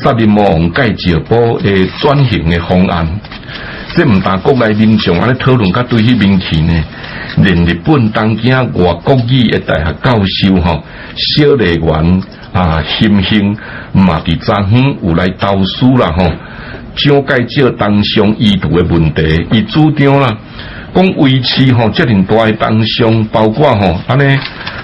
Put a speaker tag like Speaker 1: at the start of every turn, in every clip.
Speaker 1: 薩利立王介紹播誒轉型嘅方案，即唔但國內民眾安尼討論，甲對起命題呢？連日本東京外國語大學教授吼，小笠原啊欣幸馬蒂張有來投訴啦吼，蔣介石當上意圖嘅問題，伊主張啦，講維持吼，即陣大的當上，包括吼安尼。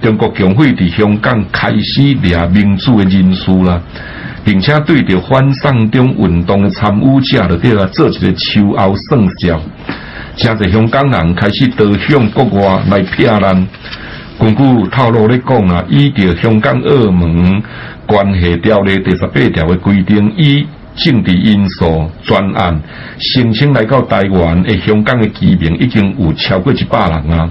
Speaker 1: 中國共會佇香港開始抓民主的人士啦，並且對着反送中運動嘅參與者佇咧做一個秋後算賬，誠濟香港人開始投向國，國外來騙人。根據透露咧講啊，依照香港澳門關係條例第十八條嘅規定，以政治因素專案申請來到台灣嘅香港嘅居民已經有超過一百人啊。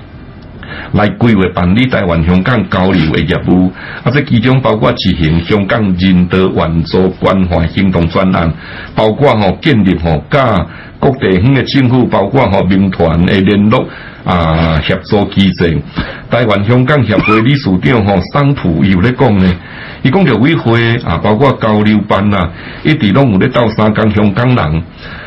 Speaker 1: 來規劃辦理台灣香港交流嘅業務，啊，即其中包括執行香港人的援助關懷行動專案，包括吼建立吼甲各地域嘅政府，包括吼民團嘅聯絡啊協作機制。台灣香港協會理事長吼桑普有咧講咧，伊講着委會啊，包括交流班啊，一直攏有咧，鬥三工香港人。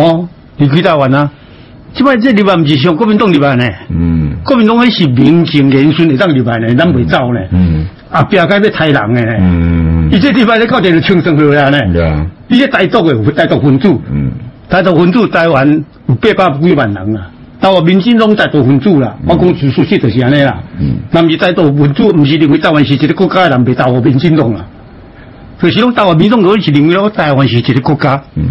Speaker 2: 哦，你去台灣啊，在這擺這地方不是上國民黨地方呢？嗯，國民黨是民情連順的上地方呢，咱毋會走呢。
Speaker 3: 嗯，
Speaker 2: 啊，別個咩台人嘅呢？嗯，伊、嗯、這地方咧搞點子輕鬆好啦呢。對啊、嗯，伊這台獨嘅，台獨分子。嗯，台獨分子台灣有八百幾萬人啊。那我民進黨台獨分子啦，嗯、我講事實，實就是安尼啦。嗯，咱唔是台獨分子，唔是認為台灣是，是，是一個國家，人民認為台灣是一個國家。嗯。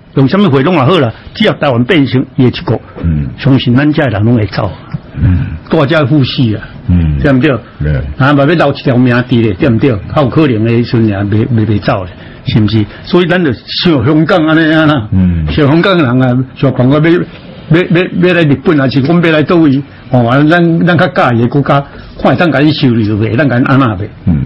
Speaker 2: 用什麼回攏也好啦，只要台灣變成，伊一國，嗯、相信咱遮人攏會走。嗯、大家呼吸啊，嗯、對毋對？啊，嘛欲留一條命佇咧，對毋對？嗯、較有可能嘅村也未未袂走，是毋是？所以咱著小香港安尼樣啦，小、嗯、香港人啊，想講我要要要要，要來日本啊，似講欲來叨位、哦，我啊，咱咱較佮意誒國家，看會當甲你收留袂，當甲你安呢袂。嗯。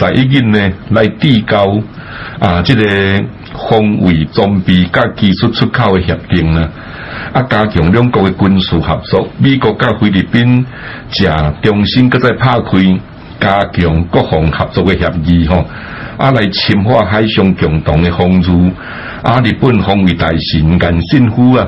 Speaker 1: 來一邊呢，來遞交啊，即、這個防衛裝備甲技術出口的協定呢，啊，加強兩國嘅軍事合作。美國甲菲律賓正重新擱再拍開加強各項合作嘅協議吼，啊，來深化海上共同嘅防禦。啊，日本防衛大臣岸信夫啊。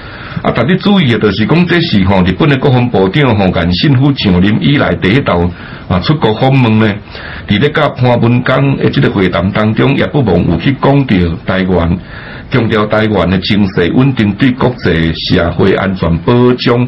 Speaker 1: 啊！特別注意嘅，就是講，這是吼日本嘅國防部長、吼岸信夫上任以來第一道啊，出國訪問咧。佇咧甲潘文江誒，即個會談當中，也不忘有去講着台灣，強調台灣嘅政事穩定，對國際社會安全保障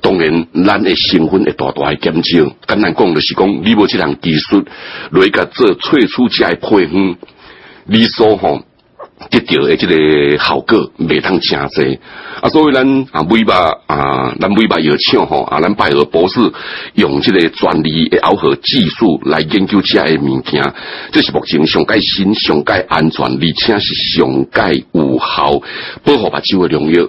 Speaker 1: 當然，咱嘅身份會大大嘅減少。簡單講，就是講你無即項技術，來甲做萃取只嘅配方，你所吼得到嘅即個效果未通真濟。啊，所以咱啊，尾巴啊，咱尾巴藥廠吼啊，咱拜耳博士用即個專利嘅螯合技術來研究只嘅物件，這是目前上蓋新、上蓋安全，而且是上蓋有效，保護目睭的營養。